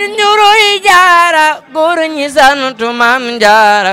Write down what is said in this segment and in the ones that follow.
leen ñu roy jaara góor ñi santu maam jaara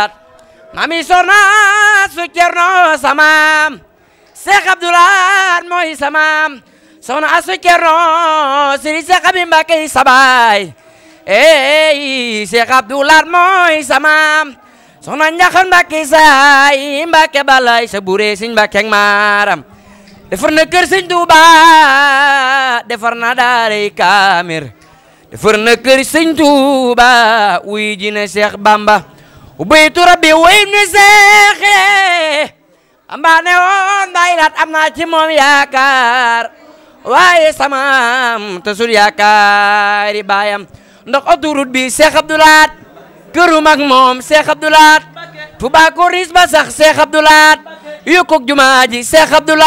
mami soxna su cerno samaam Seex Abdulaay mooy samaam soxna asu cerno sëriñ Seex Abi Mbàkke sabaay ey Seex Abdulaay mooy samaam soxna njaxan Mbàkke saay Mbàkke balay sa bure sëñ Mbàkke maaram defar na kër sëñ Tuuba defar na daaray kaamir defar na kër sëñ Tuuba wuy ji na Seex Bamba ubbitu rabbi way mi seexee mbaane woon bàyyi laat am naa ci moom yaakaar waaye samaam te sul yaakaari baayam ndox autoroute bi Cheikh Abdou Lahad këru moom Cheikh Abdou Lahad Touba Corniche ba sax Cheikh Abdou Lahad yukkuk jumaa ji Cheikh Abdou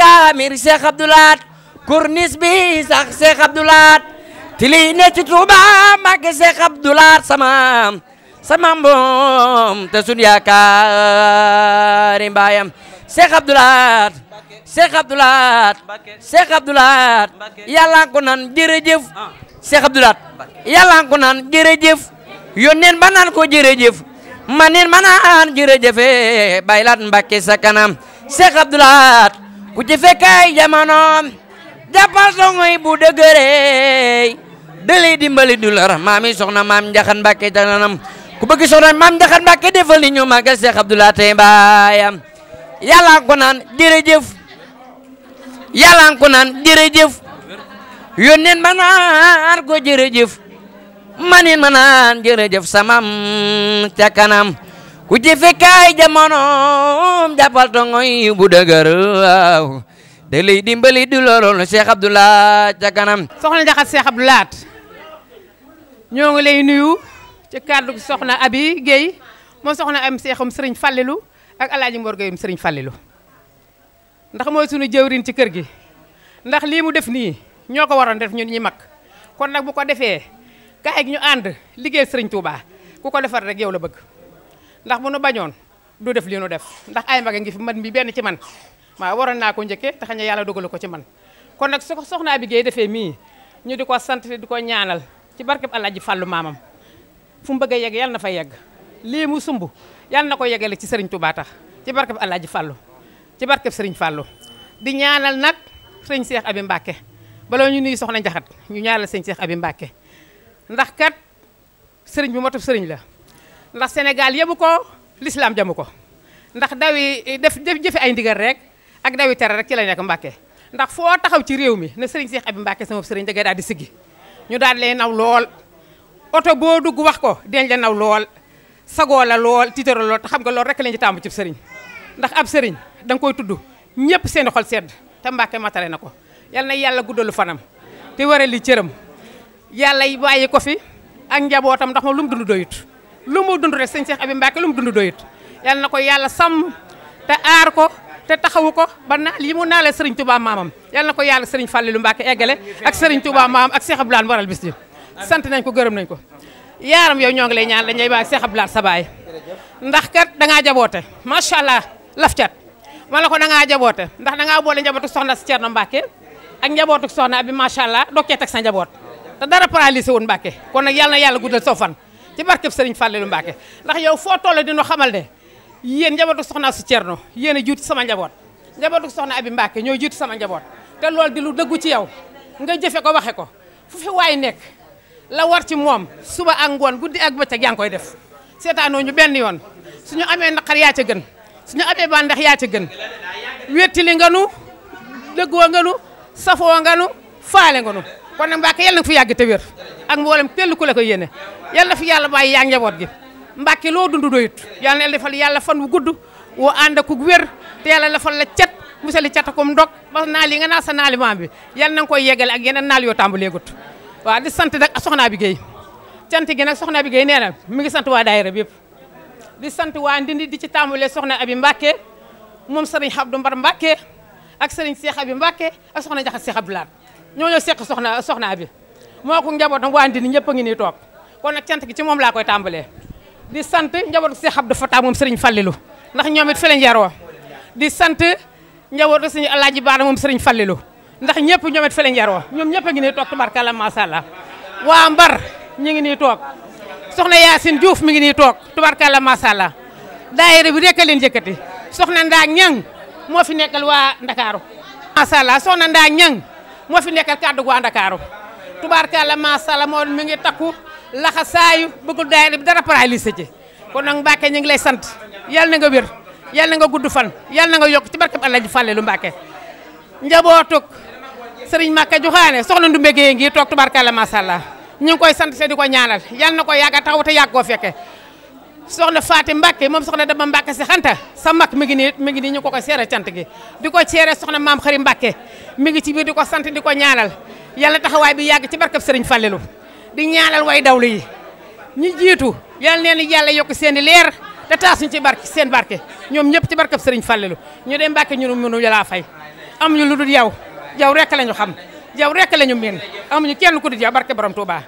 kaamir Cheikh Abdou Lahad Corniche sax Cheikh Abdou tili ne ci Touba Mbacké Cheikh Abdou Lahad samaam sama mboom te sun yaakaari mbaayam Cheikh Abdou Lahad Cheikh Abdou Lahad Cheikh Abdou Lahad yàlla ko naan jërëjëf Cheikh ah. Abdou Lahad yàlla ko naan jërëjëf neen ma naan baylaat Mbàkke sa kanam Cheikh Abdou Lahad ku ci fekkaay jamonoom jàppal songoy bu dëgëree dalay dimbali du la maami soxna maam njaxan Mbàkke tananam ku bëgg soxna maam Njaxate Mbàkke defal ni ñu màggal Cheikh Abdoulaye tey mbaayam yàlla ko naan jërëjëf yàlla ko naan jërëjëf yónneen ba naan ko jërëjëf manin ma samam ca kanam ku ci fekkaay jamonoom jàppal tongoy bu dëgër waaw te lay dimbali du loolu Cheikh Abdoulaye ca kanam soxna ci kàddu soxna Abi Guèye moo soxna am seexum sëriñ Fallilu ak alaaji Mor Guèyeum sëriñ Fallilu ndax mooy sunu jëwriñ ci kër gi ndax lii mu def nii ñoo ko waroon def ñun ñi mag kon nag bu ko defee kaay ñu ànd liggéey sëriñ Touba ku ko defar rek yow la bëgg ndax mu nu bañoon du def li nu def ndax ay mag a ngi fi man mi benn ci man waaw waroon naa ko njëkkee te xañ na yàlla dogalu ko ci man kon nag su ko soxna Abi Guèye defee mii ñu di ko sant di ko ñaanal ci barkeb Alaaji Fallu maamam fu mu bëgg a yegg yàlla na fa yegg lii mu sumb yàlla na ko yeggale ci sëriñ Touba tax ci barkeb Alaaji Fàllu ci barkeb Serigne Fàllu di ñaanal nag sëñ seex Abi Mbacke baloo ñu nuyu soxna Njaxat ñu ñaanal sëñ Cheikh Abi Mbacke ndax kat sëriñ bi motub sëriñ la ndax Sénégal yëbu ko l'islam jamu ko ndax dawi def jëfe ay ndigal rek ak dawi tere rek ci la nekk Mbacke ndax foo taxaw ci réew mi ne sëriñ Cheikh Abi Mbacke sama sëriñ da ngay daal di siggi ñu daal leen naw lool oto boo dugg wax ko deñ la naw lool sagoo la lool tiitaro lool te xam nga loolu rek lañ ci tàmbu ci sëriñ ndax ab sëriñ danga koy tudd ñëpp seeni xol sedd te Mbàkke matale na ko yal na yàlla guddalu fanam te waral li cëram yàlla bàyyi ko fi ak njabootam ndax moom lu mu doyut lu mu dund rek sëñ Cheikh Abi Mbacke lu mu dund doyut yal na ko yàlla sam te aar ko te taxawu ko ba naa li mu naale Serigne Touba maamam yal na ko yàlla Serigne Fallilou Mbacke eggale ak Serigne Touba maamam ak Cheikh Abdoulaye waral bis sant nañ ko gërëm nañ ko yaaram yow ñoo ngi lay ñaan dañ lay bàyyi Seex laal sa baay ndax kat dangaa jaboote macha allah laf cat ma ne ko dangaa jaboote ndax dangaa boole njabootu soxna si Cerno Mbàkke ak njabootu soxna bi macha allah dokkee teg sa njaboot dara paralysé woon Mbàkke kon nag yàlla na yàlla guddal soo fan ci barkeb Sëriñ Fàllilu Mbàkke ndax yow foo toll dinu xamal ne yéen njabootu soxna si Cerno yéen a juuti sama njaboot njabootu soxna abi Mbàkke ñooy juuti sama njaboot te lool di lu dëggu ci yow nga jëfe ko waxe ko fu fi waay nekk la war ci moom suba ak ngoon guddi ak bëccëg yaa ngi koy def seetaanoo ñu benn yoon suñu amee naqar yaa ca gën suñu amee ba ndax yaa ca gën wettili nga nu dëggoo nga nu safoo nga nu faale nga nu kon nag Mbacke yàlla na fi yàgg te wér ak mboolem kenn ku la koy yéene yàlla na fi yàlla bàyyi yaa njaboot gi Mbacke loo dund doyut yàlla na defal yàlla fan wu gudd woo ànd ak wér te yàlla defal la cet musali catakum ndog ba naal yi nga naa sa naali maam bi yàlla na koy yeggale yeneen naal yoo tàmbaleegut waaw di sant nag soxna bi Guèye cant gi nag soxna bi Guèye nee na mi ngi sant waa daayira bépp di sant waa Ndindi di ci tàmbalee soxna Abi Mbacke moom sëriñ Abdou Mbar Mbacke ak sëriñ Cheikh Abi Mbacke ak soxna Jaxat Cheikh abi Laat ñoo ñoo seq soxna soxna Abi moo ko njabootam waa ñëpp a ngi nii toog kon gi ci moom laa koy tàmbalee di sant njabootu Cheikh Abdou Fatah moom sëriñ Fallilu ndax ñoom it fa la njaroo di sant njabootu sëriñ Alaaji Baara moom sëriñ Fallilu ndax ñëpp ñoom it fa lañ ñoom ñëpp a ngi nii toog tubarkalla macha allah waa Mbar ñu ngi nii toog soxna Yacine Diouf mi ngi nii toog tubarkalla macha allah daayira bi rek a leen yëkkati soxna Ndaa Ñang moo fi nekkal waa Ndakaaru macha allah soxna Ndaa moo fi nekkal kàddu waa Ndakaaru tubarkalla macha allah moo mi ngi takku laxa saayu bëggul daayira bi dara paralysé ci kon nag Mbacke ñu ngi lay sant yàlla na nga wér yàlla na nga gudd fan yàlla na nga yokk ci barkeb Alaaji Fàllilu Mbacke njabootuk sëriñ Makka Joxaane soxna Ndumbe Gueye ngi toog tubarkalla macha allah ñu ngi koy sant te di ko ñaanal yal na ko yàgg a taxaw te yàgg koo fekke soxna Faati Mbacke moom soxna Daba Mbacke si xanta sa mag mi ngi nii mi ngi nii ñu ko ko seere cant gi di ko seere soxna maam Xari Mbacke mi ngi ci biir di ko sant di ko ñaanal yàlla taxawaay bi yàgg ci barkab sëriñ Fallilu di ñaanal way dawlu yi ñu jiitu yal neen yàlla yokk seen i leer te taasuñ ci barke seen barke ñoom ñëpp ci barkab sëriñ Fallilu ñu dem Mbacke ñu mënu yàlla fay amuñu lu dul yow yow rek la ñu xam yow rek la ñu miin amuñu kenn ku dul yow barke borom Touba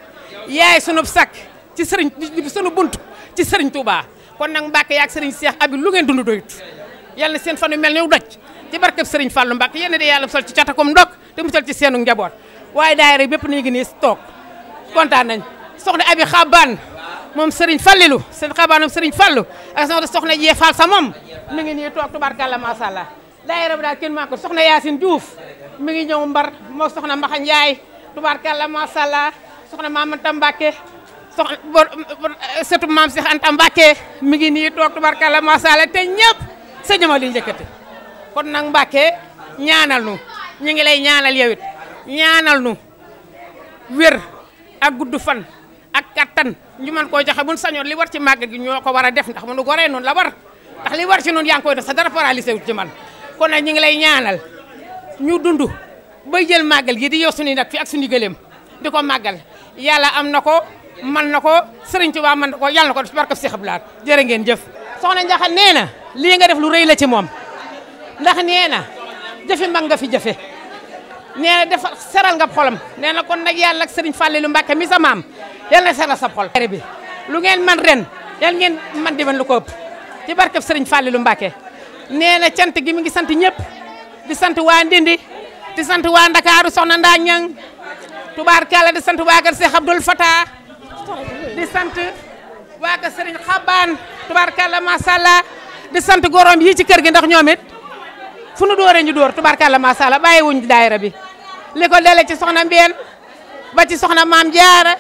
yaay sunu sakk ci sëriñ sunu bunt ci sëriñ Touba kon nag Mbacke yaak sëriñ Seex abi lu ngeen dund doyut yàlla na seen fan yu mel ni doj ci barke sëriñ Fallou Mbacke yéen de yàlla sol ci catakom ndokk te mu sol ci seenu njaboot waaye daay rek bépp ni ngi nii toog kontaan nañ soxna abi xabaan moom Serigne Fallilu seen xabaan moom Serigne Fallu ak soxna jee Fall sa moom mi ngi nii toog tubaarkàlla macha allah daayira bi daal kenn maa ko soxna Yacine Diouf mi ngi ñëw mbar moo soxna Mbaxa Ndiaye tubaarkàlla macha allah soxna Mamanta Mbacke soxna surtout maam Cheikh Anta Mbacke mi ngi nii toog tubaarkàlla macha allah te ñëpp sa jëma li kon nag Mbacke ñaanal nu ñu ngi lay ñaanal yow it ñaanal nu wér ak gudd fan a kattan ñu mën koo joxe buñ li war ci màgg gi ñoo ko war a def ndax mënu goree noonu la war ndax li war ci noonu yaa ngi koy def sa dara paralysé wut ci man kon nag ñu ngi lay ñaanal ñu dund ba jël màggal gi di yow suñuy nag fi ak suñu gëléem di ko màggal yàlla am na ko man na ko Serigne Touba man na ko yàlla na ko def barke Cheikh Abdoulaye ngeen jëf. soxna Ndiakhate nee na lii nga def lu rëy la ci moom ndax nee na jëfe mag nga fi jëfe nee na dafa seral nga xolam nee na kon nag yàlla ak Serigne Fallilou Mbacke mi sa maam yàlla na seral sa xol. lu ngeen man ren yàlla ngeen man di man lu ko ëpp ci barke Serigne Fallilou Mbacke. nee na cant gi mi ngi sant ñëpp di sant waa Ndindi di sant waa Ndakaaru soxna Ndaa Ñang tubaarkàlla di sant waa kër Seex Abdul Fataa di sant waa kër Sëriñ Xabaan tubaarkàlla macha allah di sant gorom yi ci kër gi ndax ñoom it fu nu dóoree ñu dóor tubaarkàlla macha allah bàyyi wuñ daayira bi liko ko dele ci soxna Mbeen ba ci soxna Maam Jaara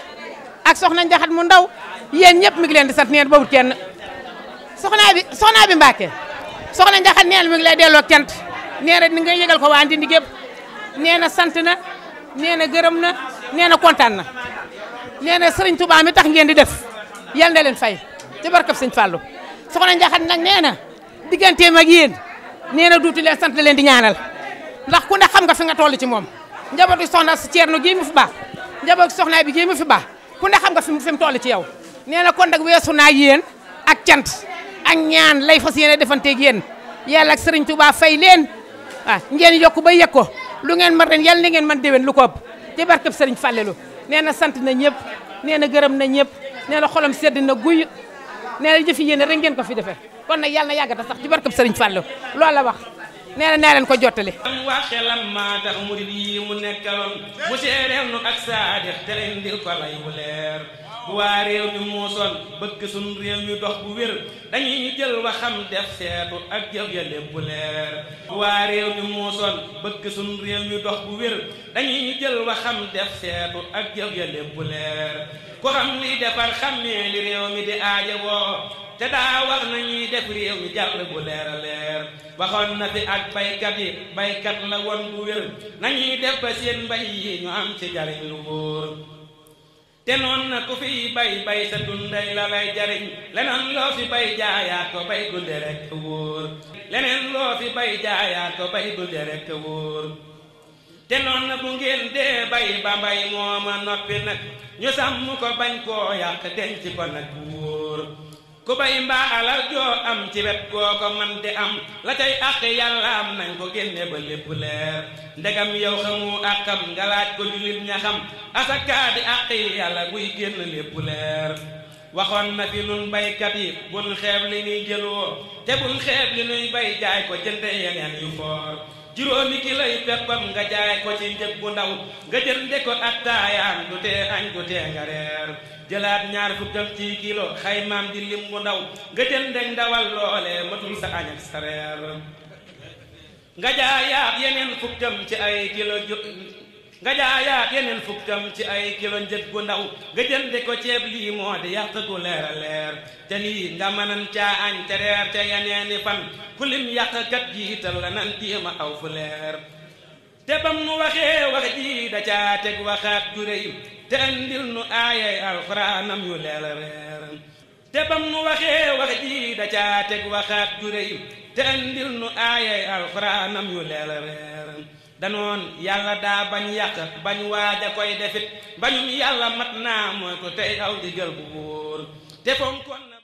ak soxna Njaxat mu ndaw yen ñëpp mi ngi leen di sant neen bawut kenn soxnaa bi soxnaa bi Mbàkke soxna Ndiakhate nee na mi ngi lay delloo cant nee na ni nga yëgal ko waa Ndindi gépp nee na sant na nee na gërëm na nee na kontaan na nee na sëriñ tubaam bi tax ngeen di def yal na leen fay ci barkab sëñ Fallou soxna Ndiakhate nag nee na digganteem ak yéen nee na duuti leen sant na leen di ñaanal ndax ku ne xam nga fi nga toll ci moom njabootu soxna si Thierno gii mu fi baax njabootu soxna bi gii mu fi baax ku ne xam nga fi mu toll ci yow nee na kon nag weesu naa yéen ak cant. ak ñaan lay fas yéene defanteeg yéen yàlla ak sëriñ Touba fay leen ah ngeen yokk ba yëg ko lu ngeen mën ren yàlla na ngeen man déwén lu ko ëpp ci sëriñ Fallelu nee na sant na ñëpp nee na gërëm na ñëpp nee na xolam sedd na guy nee na jëfi yéene rek ngeen ko fi defee kon nag yàlla na yàggata sax ci barkeb sëriñ Fallelu loolu la wax nee na leen ko jottali waxelam maa tax murid yi mu nekkaloon mu seereel nu ak saadix te leen di ko lay leer bu waa réew mi muusoon bëgg suñ réew mi dox bu wér dañuy jël waxam def seetu ak jëf ya lépp leer bu waa réew mi muusoon bëgg suñ réew mi dox bu wér dañuy jël waxam def seetu ak jëf ya lépp leer ku xam li defar xammee li réew mi di aaja woo te daa wax nañuy def réew mi jàll bu leer a leer waxoon na fi ak baykat yi baykat la woon bu wér nañuy def ba seen mbay yi ñu am ci jariñ lu wóor te noon na ku fi bay bay sa dunday la lay jariñ leneen loo fi bay jaayaat ko bay dunde rek wóor leneen loo fi bay jaayaat ko bay dunde rek te noon na bu ngeen dee bay ba mooma noppi nag ñu sàmm bañ koo yàq ko nag wóor ku bay mbaa alal joo am ci wet goo man di am la cay àq yàlla nañ ko génne ba lépp leer ndegam yow xamu àqam nga laaj ko jullit ña xam asakaa di àq yàlla buy génn lépp leer waxoon na fi nun baykat yi bul xeeb li ñuy jëloo te bul xeeb li ñuy bay jaay ko jënde yeneen yu foor juróomi ki lay peppam nga jaay ko ci njëg ndaw nga jënde ko attaayaan du tee añ du tee nga reer jëlaat ñaar fukkam ci kilo xaymaam di lim bu ndaw nga jënd ak ndawal loole matul sa añ sa reer nga jaayaat yeneen fukkam ci ay kilo ju ci ay kilo njëg gu ndaw nga jënd ko ceeb lii moo di yàq gu leer leer te lii nga mënan caa añ te reer te yeneeni fan ku lim yàqkat jiital la nan diima aw fu leer te bam nu waxee wax jii da caa teg waxaat ju te andil nu aayay alxuraanam yu leela te bam nu waxee wax ji da caa teg waxaat jurey te andil nu aayay alxuraanam yu leela reeram danoon yàlla daa bañ yàq bañ waaja koy defit bañum yàlla mat naa mooy ko tey aw digal bu wóor te fonkoon na